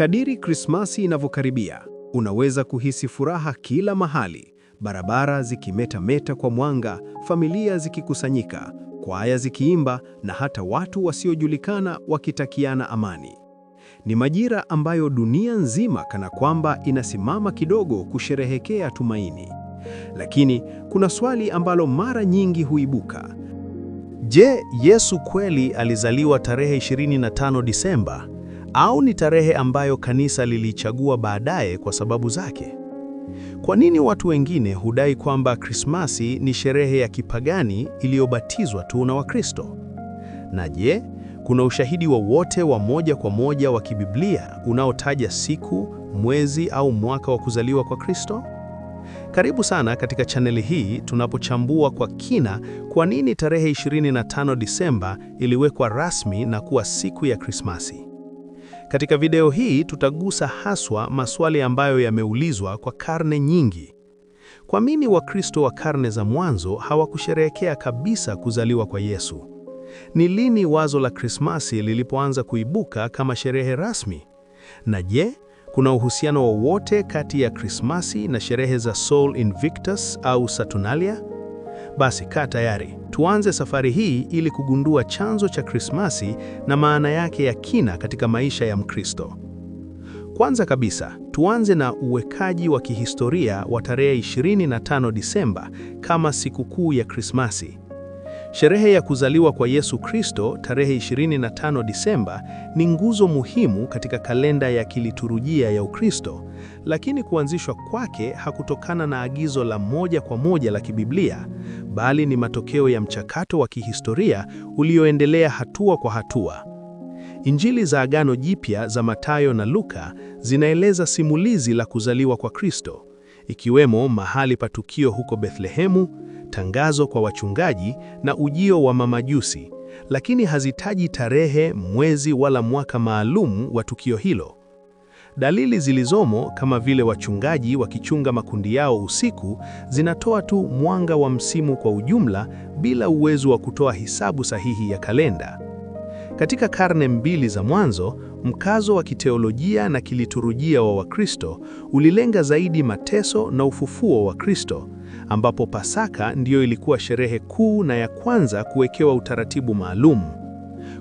Kadiri Krismasi inavyokaribia, unaweza kuhisi furaha kila mahali, barabara zikimetameta kwa mwanga, familia zikikusanyika, kwaya zikiimba na hata watu wasiojulikana wakitakiana amani. Ni majira ambayo dunia nzima kana kwamba inasimama kidogo kusherehekea tumaini. Lakini kuna swali ambalo mara nyingi huibuka. Je, Yesu kweli alizaliwa tarehe 25 Disemba? au ni tarehe ambayo kanisa lilichagua baadaye kwa sababu zake? Kwa nini watu wengine hudai kwamba Krismasi ni sherehe ya kipagani iliyobatizwa tu na Wakristo? Na je, kuna ushahidi wowote wa, wa moja kwa moja wa kibiblia unaotaja siku, mwezi au mwaka wa kuzaliwa kwa Kristo? Karibu sana katika chaneli hii tunapochambua kwa kina kwa nini tarehe 25 Disemba iliwekwa rasmi na kuwa siku ya Krismasi. Katika video hii tutagusa haswa maswali ambayo yameulizwa kwa karne nyingi. Kwa nini Wakristo wa karne za mwanzo hawakusherehekea kabisa kuzaliwa kwa Yesu? Ni lini wazo la Krismasi lilipoanza kuibuka kama sherehe rasmi? Na je, kuna uhusiano wowote kati ya Krismasi na sherehe za Sol Invictus au Saturnalia? Basi kaa tayari, tuanze safari hii ili kugundua chanzo cha Krismasi na maana yake ya kina katika maisha ya Mkristo. Kwanza kabisa, tuanze na uwekaji wa kihistoria wa tarehe 25 Disemba kama sikukuu ya Krismasi. Sherehe ya kuzaliwa kwa Yesu Kristo tarehe 25 Disemba ni nguzo muhimu katika kalenda ya kiliturujia ya Ukristo, lakini kuanzishwa kwake hakutokana na agizo la moja kwa moja la kibiblia, bali ni matokeo ya mchakato wa kihistoria ulioendelea hatua kwa hatua. Injili za Agano Jipya za Mathayo na Luka zinaeleza simulizi la kuzaliwa kwa Kristo, ikiwemo mahali pa tukio huko Bethlehemu tangazo kwa wachungaji na ujio wa mamajusi, lakini hazitaji tarehe, mwezi wala mwaka maalum wa tukio hilo. Dalili zilizomo kama vile wachungaji wakichunga makundi yao usiku zinatoa tu mwanga wa msimu kwa ujumla bila uwezo wa kutoa hisabu sahihi ya kalenda. Katika karne mbili za mwanzo, mkazo wa kiteolojia na kiliturujia wa Wakristo ulilenga zaidi mateso na ufufuo wa Kristo ambapo Pasaka ndiyo ilikuwa sherehe kuu na ya kwanza kuwekewa utaratibu maalum.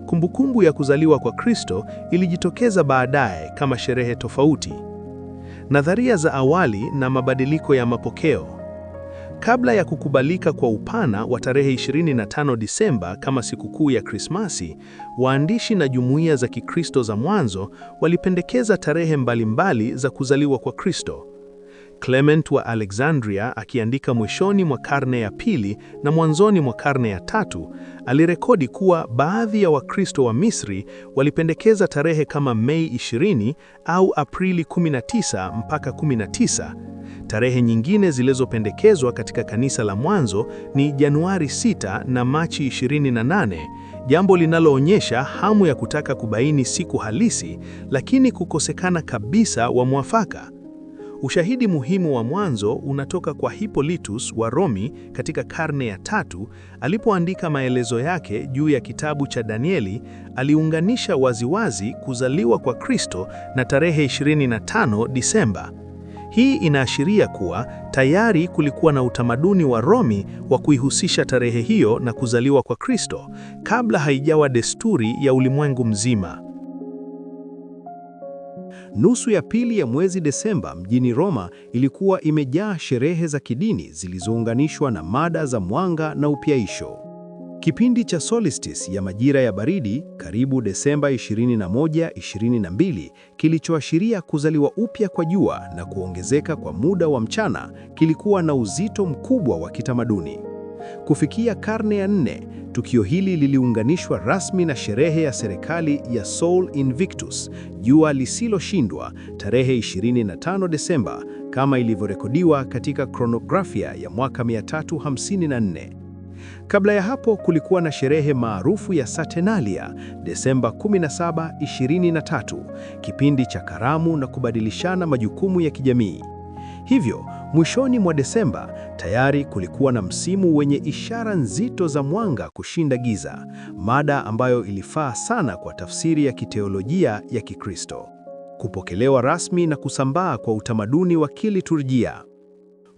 Kumbukumbu ya kuzaliwa kwa Kristo ilijitokeza baadaye kama sherehe tofauti. Nadharia za awali na mabadiliko ya mapokeo. Kabla ya kukubalika kwa upana wa tarehe 25 Disemba kama sikukuu ya Krismasi, waandishi na jumuiya za Kikristo za mwanzo walipendekeza tarehe mbalimbali za kuzaliwa kwa Kristo. Clement wa Alexandria akiandika mwishoni mwa karne ya pili na mwanzoni mwa karne ya tatu alirekodi kuwa baadhi ya Wakristo wa Misri walipendekeza tarehe kama Mei 20 au Aprili 19 mpaka 19. Tarehe nyingine zilizopendekezwa katika kanisa la mwanzo ni Januari 6 na Machi 28, jambo linaloonyesha hamu ya kutaka kubaini siku halisi, lakini kukosekana kabisa wa mwafaka. Ushahidi muhimu wa mwanzo unatoka kwa Hippolytus wa Romi katika karne ya tatu alipoandika maelezo yake juu ya kitabu cha Danieli, aliunganisha waziwazi kuzaliwa kwa Kristo na tarehe 25 Disemba. Hii inaashiria kuwa tayari kulikuwa na utamaduni wa Romi wa kuihusisha tarehe hiyo na kuzaliwa kwa Kristo kabla haijawa desturi ya ulimwengu mzima. Nusu ya pili ya mwezi Desemba mjini Roma ilikuwa imejaa sherehe za kidini zilizounganishwa na mada za mwanga na upyaisho. Kipindi cha solstice ya majira ya baridi karibu Desemba 21, 22 kilichoashiria kuzaliwa upya kwa jua na kuongezeka kwa muda wa mchana kilikuwa na uzito mkubwa wa kitamaduni. Kufikia karne ya nne, Tukio hili liliunganishwa rasmi na sherehe ya serikali ya Sol Invictus, jua lisiloshindwa, tarehe 25 Desemba kama ilivyorekodiwa katika kronografia ya mwaka 354. Kabla ya hapo kulikuwa na sherehe maarufu ya Saturnalia Desemba 17, 23, kipindi cha karamu na kubadilishana majukumu ya kijamii. Hivyo Mwishoni mwa Desemba tayari kulikuwa na msimu wenye ishara nzito za mwanga kushinda giza, mada ambayo ilifaa sana kwa tafsiri ya kiteolojia ya Kikristo, kupokelewa rasmi na kusambaa kwa utamaduni wa kiliturjia.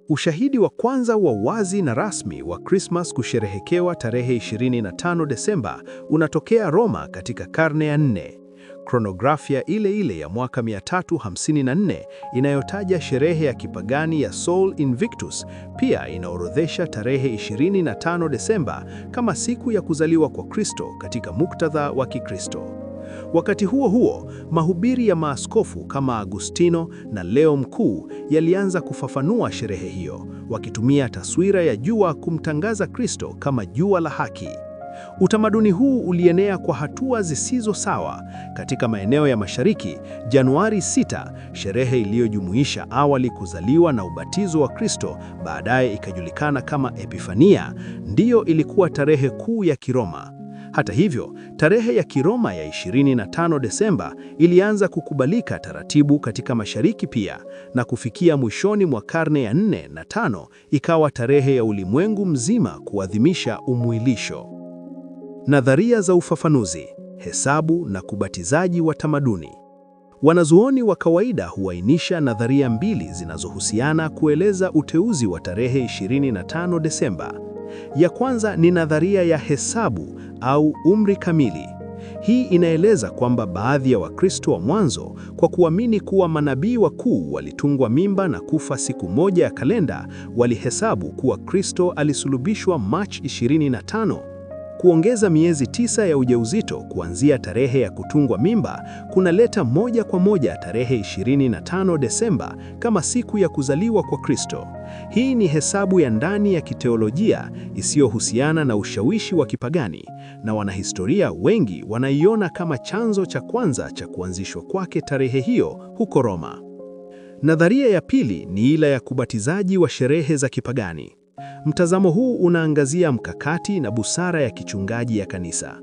Ushahidi wa kwanza wa wazi na rasmi wa Krismas kusherehekewa tarehe 25 Desemba unatokea Roma katika karne ya nne kronografia ile ile ya mwaka 354 inayotaja sherehe ya kipagani ya Sol Invictus pia inaorodhesha tarehe 25 Desemba kama siku ya kuzaliwa kwa Kristo katika muktadha wa Kikristo. Wakati huo huo, mahubiri ya maaskofu kama Agustino na Leo Mkuu yalianza kufafanua sherehe hiyo, wakitumia taswira ya jua kumtangaza Kristo kama jua la haki. Utamaduni huu ulienea kwa hatua zisizo sawa katika maeneo ya Mashariki. Januari 6, sherehe iliyojumuisha awali kuzaliwa na ubatizo wa Kristo, baadaye ikajulikana kama Epifania, ndiyo ilikuwa tarehe kuu ya Kiroma. Hata hivyo, tarehe ya Kiroma ya 25 Desemba ilianza kukubalika taratibu katika Mashariki pia, na kufikia mwishoni mwa karne ya 4 na 5 ikawa tarehe ya ulimwengu mzima kuadhimisha umwilisho. Nadharia za ufafanuzi, hesabu na kubatizaji wa tamaduni. Wanazuoni wa kawaida huainisha nadharia mbili zinazohusiana kueleza uteuzi wa tarehe 25 Desemba. Ya kwanza ni nadharia ya hesabu au umri kamili. Hii inaeleza kwamba baadhi ya Wakristo wa mwanzo, kwa kuamini kuwa manabii wakuu walitungwa mimba na kufa siku moja ya kalenda, walihesabu kuwa Kristo alisulubishwa Machi 25 Kuongeza miezi tisa ya ujauzito kuanzia tarehe ya kutungwa mimba kunaleta moja kwa moja tarehe 25 Desemba kama siku ya kuzaliwa kwa Kristo. Hii ni hesabu ya ndani ya kiteolojia isiyohusiana na ushawishi wa kipagani, na wanahistoria wengi wanaiona kama chanzo cha kwanza cha kuanzishwa kwake tarehe hiyo huko Roma. Nadharia ya pili ni ile ya kubatizaji wa sherehe za kipagani. Mtazamo huu unaangazia mkakati na busara ya kichungaji ya kanisa.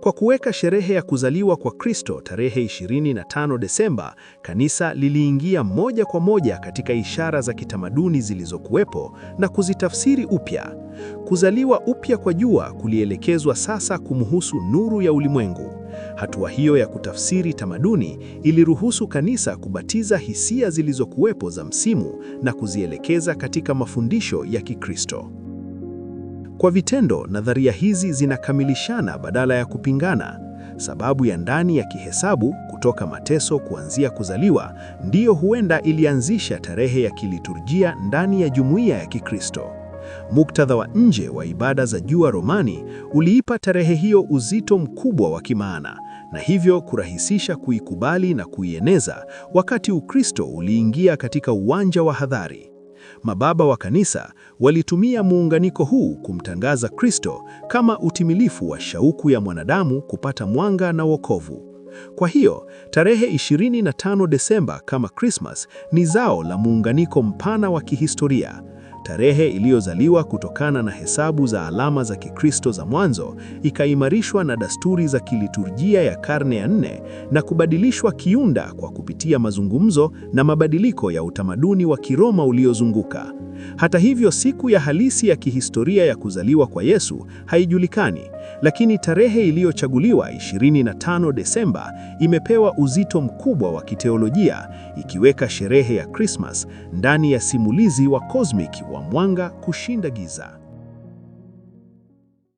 Kwa kuweka sherehe ya kuzaliwa kwa Kristo tarehe 25 Desemba, kanisa liliingia moja kwa moja katika ishara za kitamaduni zilizokuwepo na kuzitafsiri upya. Kuzaliwa upya kwa jua kulielekezwa sasa kumhusu nuru ya ulimwengu. Hatua hiyo ya kutafsiri tamaduni iliruhusu kanisa kubatiza hisia zilizokuwepo za msimu na kuzielekeza katika mafundisho ya Kikristo. Kwa vitendo, nadharia hizi zinakamilishana badala ya kupingana. Sababu ya ndani ya kihesabu kutoka mateso kuanzia kuzaliwa ndiyo huenda ilianzisha tarehe ya kiliturjia ndani ya jumuiya ya Kikristo. Muktadha wa nje wa ibada za jua Romani uliipa tarehe hiyo uzito mkubwa wa kimaana na hivyo kurahisisha kuikubali na kuieneza wakati Ukristo uliingia katika uwanja wa hadhari. Mababa wa kanisa walitumia muunganiko huu kumtangaza Kristo kama utimilifu wa shauku ya mwanadamu kupata mwanga na wokovu. Kwa hiyo, tarehe 25 Desemba kama krismas ni zao la muunganiko mpana wa kihistoria. Tarehe iliyozaliwa kutokana na hesabu za alama za Kikristo za mwanzo ikaimarishwa na dasturi za kiliturjia ya karne ya nne na kubadilishwa kiunda kwa kupitia mazungumzo na mabadiliko ya utamaduni wa Kiroma uliozunguka. Hata hivyo, siku ya halisi ya kihistoria ya kuzaliwa kwa Yesu haijulikani, lakini tarehe iliyochaguliwa 25 Desemba imepewa uzito mkubwa wa kiteolojia, ikiweka sherehe ya Krismas ndani ya simulizi wa cosmic wa mwanga kushinda giza.